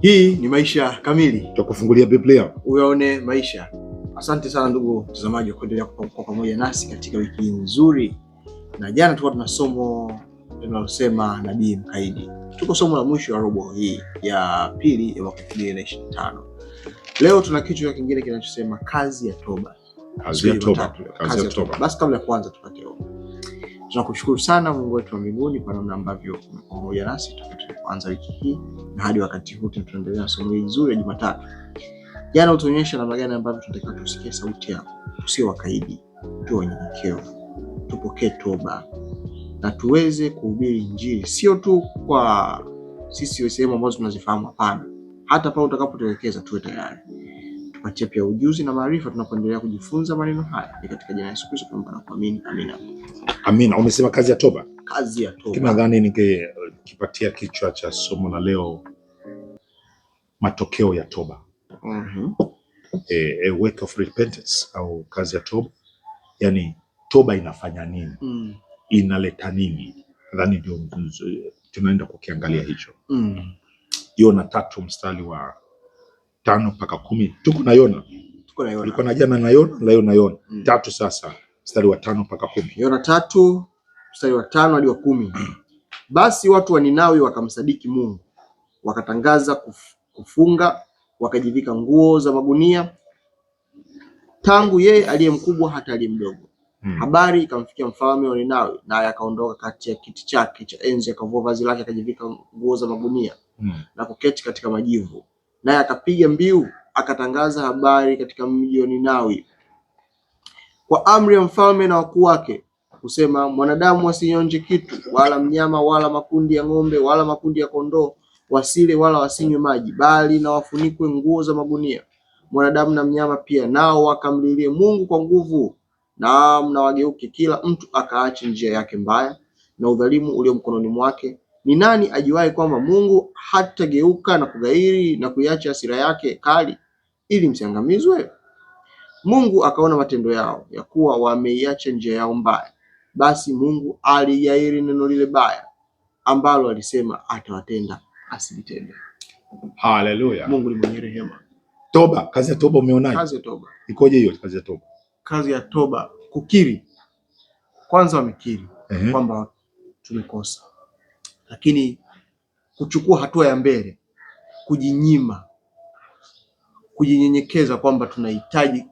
Hii ni Maisha Kamili, tutakufungulia Biblia uyaone maisha. Asante sana ndugu mtazamaji kwa kuendelea kwa pamoja nasi katika wiki nzuri, na jana tulikuwa tuna somo linalosema nabii mkaidi. Tuko somo la mwisho ya robo hii ya pili ya mwaka 2025. Leo tuna kichwa kingine kinachosema kazi ya toba. Kazi ya toba. Kazi ya toba. Basi kabla ya kuanza tupate ombi. Tunakushukuru sana Mungu wetu wa mbinguni kwa namna ambavyo umekuwa pamoja nasi toka tulipoanza wiki hii na hadi wakati huu tunaendelea na somo hili zuri ya Jumatatu. Jana utuonyesha namna gani ambavyo tunatakiwa tusikie sauti yako, tusio wakaidi, tuwe wanyenyekevu, tupokee toba na tuweze kuhubiri Injili sio tu kwa sisi sehemu ambazo tunazifahamu, hapana, hata pale utakapotuelekeza tuwe tayari machepe pia ujuzi na maarifa tunapoendelea kujifunza maneno haya. Ni katika jina la Yesu Kristo tunaomba na kuamini. Amina. Amina. Umesema kazi ya toba. Kazi ya toba. Nadhani ningekipatia kichwa cha somo la leo matokeo ya toba. Mm E, a work of repentance au kazi ya toba, yaani toba inafanya nini? Mm. Inaleta nini? Nadhani ndio tunaenda kukiangalia hicho. Mm. Yona tatu mstari wa tano mpaka kumi tuko na Yona, tuko na Yona, tulikuwa na jana na Yona, leo na Yona mm. tatu sasa, mstari wa tano mpaka kumi Yona tatu mstari wa tano hadi wa kumi Basi watu wa Ninawi wakamsadiki Mungu, wakatangaza kuf, kufunga, wakajivika nguo za magunia, tangu yeye aliye mkubwa hata aliye mdogo. Hmm. Habari ikamfikia mfalme wa Ninawi, naye akaondoka kati ya kiti chake cha enzi, akavua vazi lake, akajivika nguo za magunia hmm. na kuketi katika majivu naye akapiga mbiu akatangaza habari katika mji wa Ninawi kwa amri ya mfalme na wakuu wake, kusema mwanadamu asinyonje kitu wala mnyama wala makundi ya ng'ombe wala makundi ya kondoo, wasile wala wasinywe maji, bali na wafunikwe nguo za magunia, mwanadamu na mnyama pia, nao wakamlilie Mungu kwa nguvu, na mnawageuke kila mtu akaache njia yake mbaya na udhalimu ulio mkononi mwake ni nani ajuaye kwamba Mungu hatageuka na kugairi na kuiacha hasira yake kali ili msiangamizwe? Mungu akaona matendo yao ya kuwa wameiacha njia yao mbaya, basi Mungu aligairi neno lile baya ambalo alisema atawatenda asilitende. Haleluya! Mungu ni mwenye rehema. Toba, kazi ya toba umeonaje? Kazi ya toba ikoje hiyo? Kazi ya toba, kazi ya toba, kukiri kwanza. Wamekiri uh -huh. kwamba tumekosa lakini kuchukua hatua ya mbele, kujinyima, kujinyenyekeza kwamba tunahitaji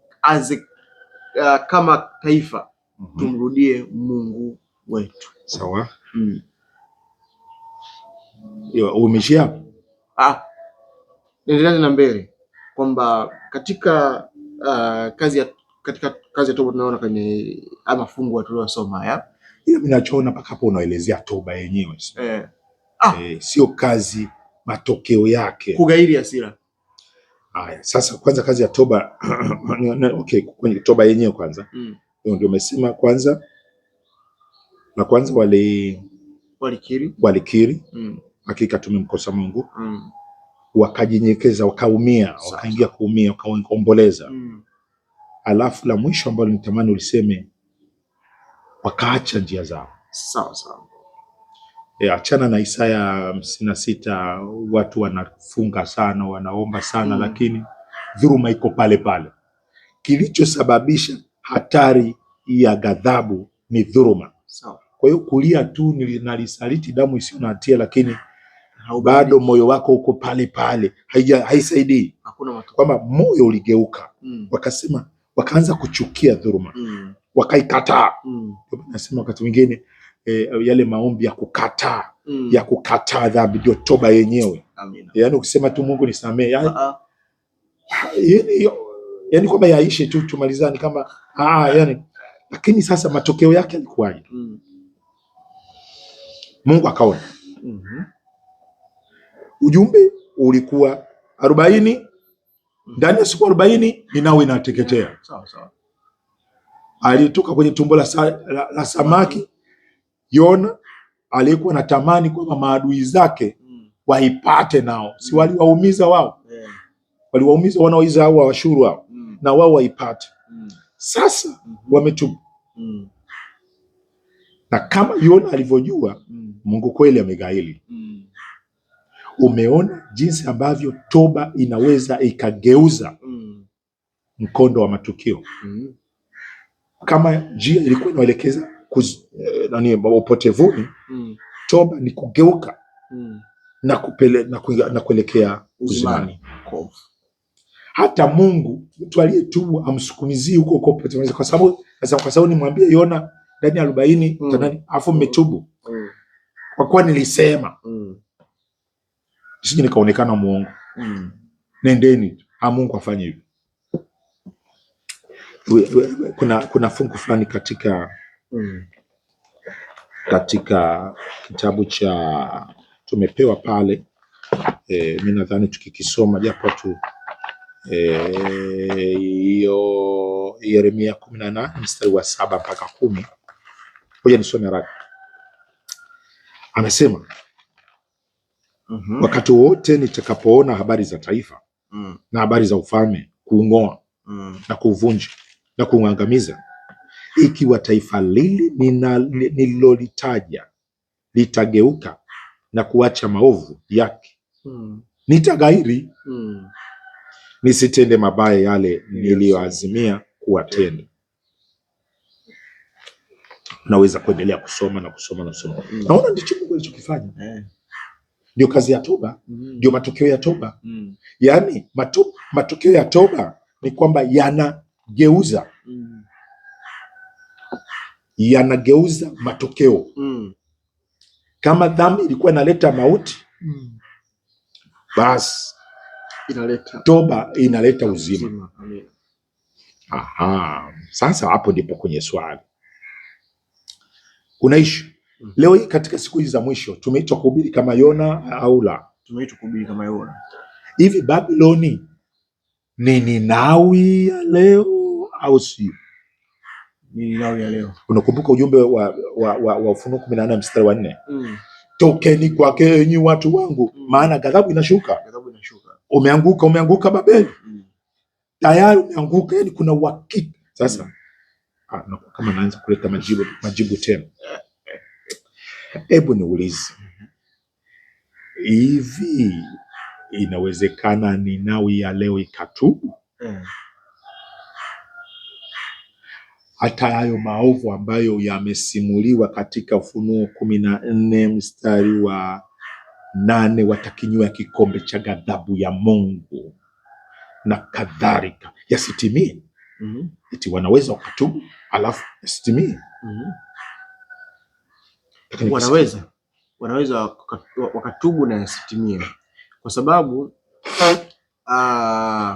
uh, kama taifa mm -hmm. tumrudie Mungu wetu. Sawa. mm. Umeshia ah, endelea na mbele kwamba katika uh, kazi ya katika kazi ya tobo tunaona kwenye ama fungu tuliyosoma haya ile ninachoona mpaka hapo unaelezea toba yenyewe eh. Ah. Eh, sio kazi, matokeo yake kugairi hasira. Haya, sasa kwanza kazi ya toba okay, kwenye toba yenyewe kwanza mm. Ndio umesema kwanza na kwanza wali walikiri, walikiri. Mm. Hakika tumemkosa Mungu mm. Wakajinyekeza, wakaumia, wakaingia kuumia, wakaomboleza mm. Alafu la mwisho ambalo nitamani uliseme wakaacha njia zao. Sawa sawa. E, achana na Isaya hamsini na sita. Watu wanafunga sana, wanaomba sana mm, lakini dhuluma iko pale pale. Kilichosababisha hatari ya ghadhabu ni dhuluma. Sawa. Kwa hiyo kulia tu nalisaliti damu isiyo na hatia, lakini bado moyo wako uko pale pale, haisaidii kwamba moyo uligeuka. Mm. Wakasema, wakaanza kuchukia dhuluma. Mm wakaikataa. Mm. Nasema wakati mwingine e, yale maombi ya kukataa mm. ya kukataa dhambi ndio toba yenyewe. Amina. Yaani ukisema tu Mungu nisamee, yaani ah, ah. Yaani, yaani kwamba yaishi tu tumalizane kama ah, yani lakini sasa matokeo yake yalikuwaje? mm. Mungu akaona. mm -hmm. Ujumbe ulikuwa arobaini ndani ya siku arobaini Ninawi inateketea. sawa sawa aliyetoka kwenye tumbo la, sa, la, la samaki. Yona aliyekuwa na tamani kwamba maadui zake mm. waipate nao, si mm. waliwaumiza wao, waliwaumiza wanaoiza wa washuru hao, mm. na wao waipate. Sasa mm-hmm. wametubu na kama Yona alivyojua Mungu kweli amegaili. Umeona jinsi ambavyo toba inaweza ikageuza mkondo wa matukio. Kama njia ilikuwa inaelekeza eh, nani upotevuni, mm. toba ni kugeuka mm. na, kupele, na, na kuelekea uzimani. Hata Mungu mtu aliyetubu amsukumizii huko huko kwa sababu kwa sababu nimwambie Yona ndani ya arobaini mm. afu mmetubu mm. kwa kuwa nilisema mm. sije nikaonekana mwongo mm. nendeni, a Mungu afanye hivyo kuna, kuna fungu fulani katika mm. katika kitabu cha tumepewa pale e, mi nadhani tukikisoma japo tu e, hiyo e, Yeremia kumi na nane mstari wa saba mpaka kumi hoja nisome haraka. Amesema mm -hmm. wakati wote nitakapoona habari za taifa mm. na habari za ufalme kuung'oa mm. na kuuvunja na kumwangamiza, ikiwa taifa lili nililolitaja litageuka na kuacha maovu yake, hmm. nitagairi hmm. nisitende mabaya yale niliyoazimia kuwatenda. Naweza kuendelea kusoma na kusoma na kusoma. Hmm. Naona ndicho Mungu alichokifanya, eh. ndio kazi ya toba, hmm. ndio matokeo ya toba. Hmm. Yaani matokeo ya toba ni kwamba yana geuza mm. yanageuza matokeo mm. Kama dhambi ilikuwa inaleta mauti mm. basi inaleta. Toba inaleta uzima. Aha, sasa hapo ndipo kwenye swali kuna ishu mm. Leo hii katika siku hizi za mwisho tumeitwa kuhubiri kama Yona au la? Tumeitwa kuhubiri kama Yona. Hivi Babiloni ni Ninawi ya leo au sio? Unakumbuka ujumbe wa, wa, wa, wa Ufunuo kumi na nane mstari wa nne mm. Tokeni kwake enyi watu wangu mm. maana ghadhabu inashuka. Inashuka, umeanguka umeanguka Babeli mm. mm. tayari umeanguka, yani kuna uhakika sasa mm. Ah, no, kama naanza kuleta majibu, majibu tena, hebu niulize hivi, inawezekana Ninawi ya leo ikatubu? mm hata hayo maovu ambayo yamesimuliwa katika Ufunuo kumi na nne mstari wa nane watakinywa kikombe cha ghadhabu ya Mungu na kadhalika, yasitimie. mm -hmm. Eti wanaweza wakatubu alafu yasitimie. mm -hmm. Wanaweza wanaweza wakatubu na yasitimie, kwa sababu uh,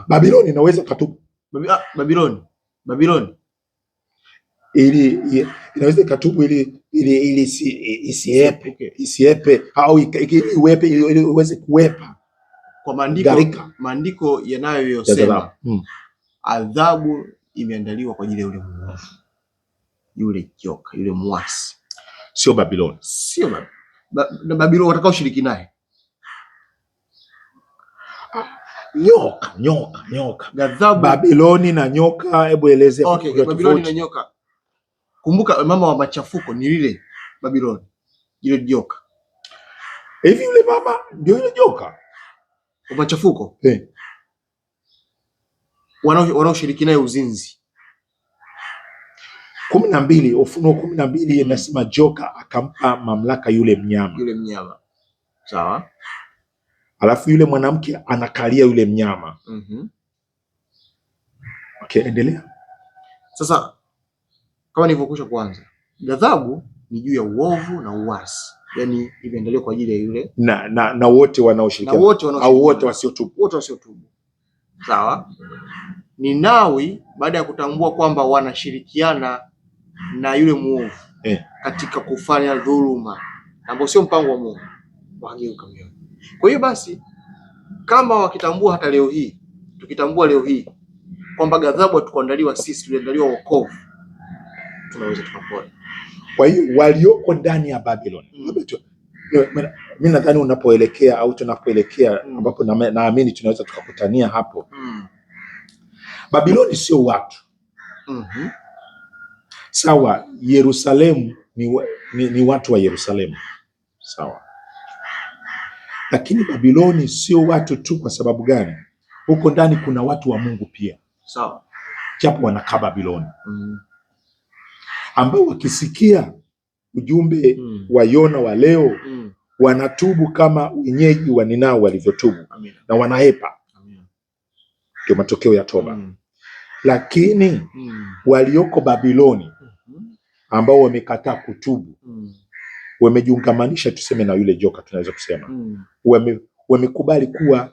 Babiloni inaweza katubu ah, Babiloni Babiloni ili inaweza ikatubu ili ili ili isiepe isiepe au iwepe ili iweze kuwepa kwa maandiko maandiko yanayosema hmm. adhabu imeandaliwa kwa ajili ya yule mwovu, yule joka, yule mwasi, sio Babiloni, sio Babiloni na Babiloni watakao shiriki naye nyoka nyoka nyoka, gadhabu Babiloni na nyoka. Hebu eleze okay, Babiloni na nyoka Kumbuka mama wa machafuko ni lile Babiloni, ile joka hivi. Yule mama ndio ile joka wa machafuko hey. Eh. Wanaoshiriki naye uzinzi kumi na mbili Ufunuo kumi na mbili inasema joka akampa mamlaka yule mnyama, yule mnyama sawa. Alafu yule mwanamke anakalia yule mnyama mm -hmm. Okay, endelea sasa kama nilivyokwisha kuanza, ghadhabu ni juu ya uovu na uasi, yani imeandaliwa kwa ajili ya yule na na na wote wanaoshirikiana au wote wasiotubu, wote wasiotubu. Sawa. nawi baada ya kutambua kwamba wanashirikiana na yule muovu eh, katika kufanya dhuluma ambao sio mpango wa Mungu, wageuka Kwa hiyo basi, kama wakitambua hata leo hii, tukitambua leo hii kwamba ghadhabu hatukuandaliwa sisi, tuliandaliwa wokovu tunaweza tukapona. Kwa hiyo walioko ndani ya Babylon mm. mi nadhani unapoelekea au tunapoelekea mm. ambapo naamini na tunaweza tukakutania hapo mm. Babiloni sio watu mm -hmm. Sawa, Yerusalemu ni, ni, ni watu wa Yerusalemu sawa, lakini Babiloni sio watu tu. Kwa sababu gani? Huko ndani kuna watu wa Mungu pia sawa, japo wanakaa Babiloni mm ambao wakisikia ujumbe mm. wa Yona wa leo mm. wanatubu kama wenyeji wa Ninawi walivyotubu na wanahepa, ndio matokeo ya toba mm. lakini mm. walioko Babiloni hmm. ambao wamekataa kutubu mm. wamejiungamanisha, tuseme na yule joka, tunaweza kusema mm. wamekubali kuwa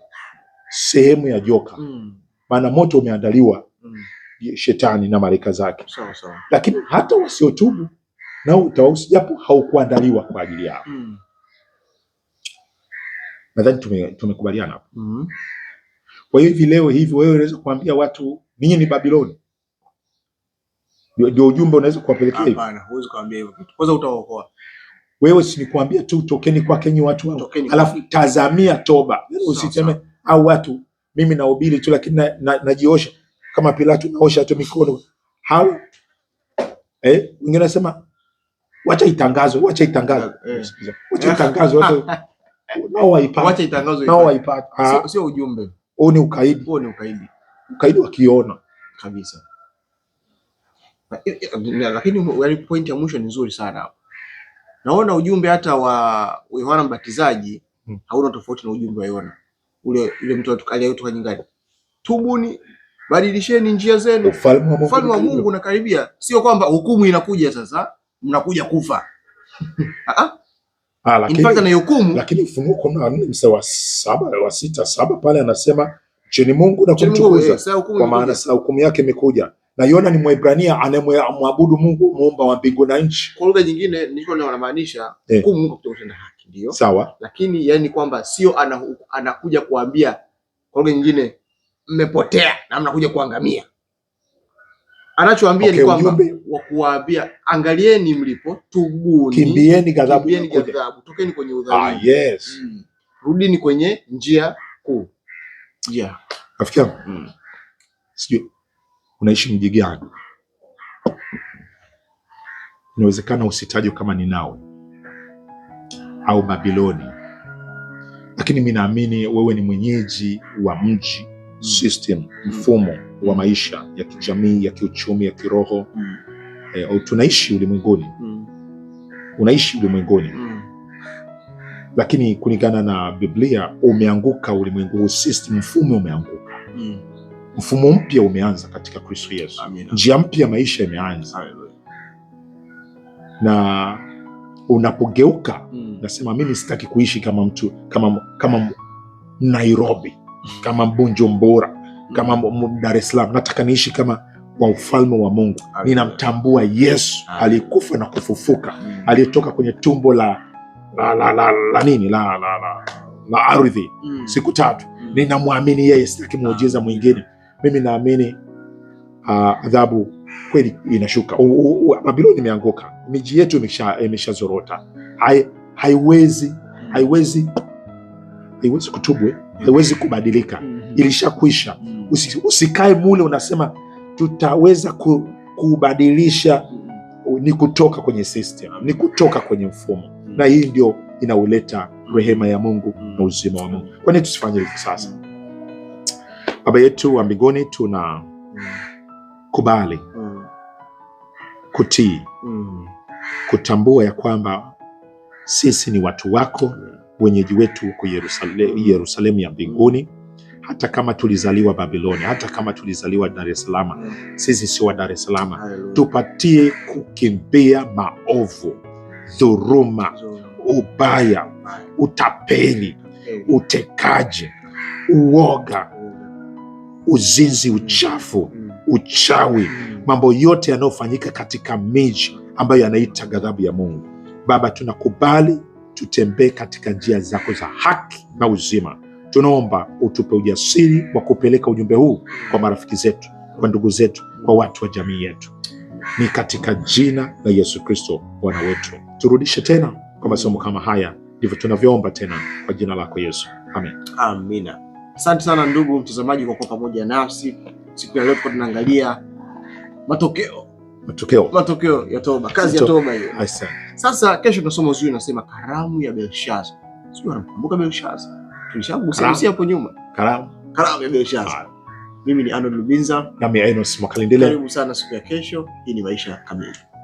sehemu ya joka hmm. maana mm. moto umeandaliwa mm shetani na malaika zake, so, so. lakini hata wasiotubu na utawausi, japo haukuandaliwa kwa ajili yao. mm. Nadhani tumekubaliana tume mm. Kwa hiyo hivi leo hivi wewe unaweza kuambia watu ninyi ni Babiloni, ndio ujumbe unaweza kuwapelekea hivyo? Hapana, huwezi kuambia hivyo kitu, kwanza utaokoa wewe. Si nikwambia tu tokeni kwa nyinyi watu wao, alafu tazamia toba, usiseme au watu mimi nahubiri tu lakini najiosha kama Pilato naosha tu mikono hao eh, wengine nasema wacha itangazo, wacha itangazo, eh. wacha itangazo, wacha nao waipate, wacha itangazo, nao waipate. Sio, ah. ujumbe huo, ni ukaidi, huo ni ukaidi, ukaidi wakiona kabisa. Lakini yani point ya mwisho ni nzuri sana hapo. Naona ujumbe hata wa Yohana Mbatizaji hmm. hauna tofauti na ujumbe wa Yona ule, ile mtu aliyetoka nyingani, tubuni Badilisheni njia zenu, ufalme wa Mungu unakaribia. Sio kwamba hukumu inakuja sasa mnakuja kufa ah, ah. ah, na hukumu. Lakini Ufunuo mstari wa saba wa sita saba pale anasema cheni Mungu na kumtukuza, eh, kwa maana saa hukumu yake imekuja. Na Yona ni Mwebrania anayemwabudu Mungu muumba wa mbingu na nchi. Kwa lugha nyingine nilicho namaanisha eh. hukumu Mungu kutokana na haki ndio. Sawa. Lakini yani kwamba sio anakuja kuambia kwa lugha nyingine mmepotea na mnakuja kuangamia. Anachoambia okay, ni kwamba wa kuwaambia angalieni mlipo, tubuni, kimbieni ghadhabu, tokeni kwenye ah, udhalimu. Ah, yes. Mm. Rudini kwenye njia kuu. Yeah. Rafiki yangu. Mm. Sijui unaishi mji gani? Inawezekana usitajwe kama nao au Babiloni, lakini mi naamini wewe ni mwenyeji wa mji Mm. system, mm. mfumo wa mm. maisha ya kijamii, ya kiuchumi, ya kiroho eh, tunaishi ulimwenguni, unaishi ulimwenguni, lakini kulingana na Biblia umeanguka ulimwengu huu, system, mfumo umeanguka, mfumo mpya umeanza katika Kristo Yesu, njia mpya maisha imeanza na unapogeuka, nasema mimi sitaki kuishi kama mtu kama, kama Nairobi kama Mbunjo kama mm. Dar es Salaam. Nataka niishi kama kwa ufalme wa Mungu. Ninamtambua Yesu alikufa na kufufuka, aliyetoka kwenye tumbo la la, la, la, la nini la, la, la, la ardhi mm. siku tatu. Mm. Ninamwamini yeye, sitaki muujiza mwingine. Mimi naamini uh, adhabu kweli inashuka. Babiloni imeanguka, miji yetu imeshazorota, imesha haiwezi haiwezi haiwezi kutubwe haiwezi kubadilika, mhm. ilishakwisha. Mhm. Usikae mule unasema tutaweza kubadilisha, mhm. ni kutoka kwenye system, ni kutoka kwenye mfumo, na hii ndio inauleta rehema ya Mungu na uzima wa Mungu. Kwani tusifanye hivi sasa? Baba yetu wa mbinguni, tuna kubali kutii, kutambua ya kwamba sisi ni watu wako wenyeji wetu huko Yerusalemu, Yerusalemu ya mbinguni. Hata kama tulizaliwa Babiloni, hata kama tulizaliwa Dar es Salaam, sisi sio wa Dar es Salaam. Tupatie kukimbia maovu, dhuruma, ubaya, utapeli, utekaji, uoga, uzinzi, uchafu, mm. uchawi, mm. mambo yote yanayofanyika katika miji ambayo yanaita ghadhabu ya Mungu. Baba, tunakubali tutembee katika njia zako za haki na uzima. Tunaomba utupe ujasiri wa kupeleka ujumbe huu kwa marafiki zetu, kwa ndugu zetu, kwa watu wa jamii yetu, ni katika jina la Yesu Kristo Bwana wetu. Turudishe tena kwa masomo kama haya, ndivyo tunavyoomba tena kwa jina lako Yesu, amen. Amina. Asante sana ndugu mtazamaji kwa kuwa pamoja nasi siku ya leo. tunaangalia matokeo matokeo matokeo ya toba, kazi ya toba hiyo. Sasa kesho tunasoma uzuri, unasema karamu ya Belshaza. Sijui anakumbuka Belshaza, tulishagusia hapo nyuma, karamu karamu ya Belshaza. Mimi ni Arnold Lubinza na mimi Enos Makalindele. Karibu sana siku ya kesho. Hii ni Maisha Kamili.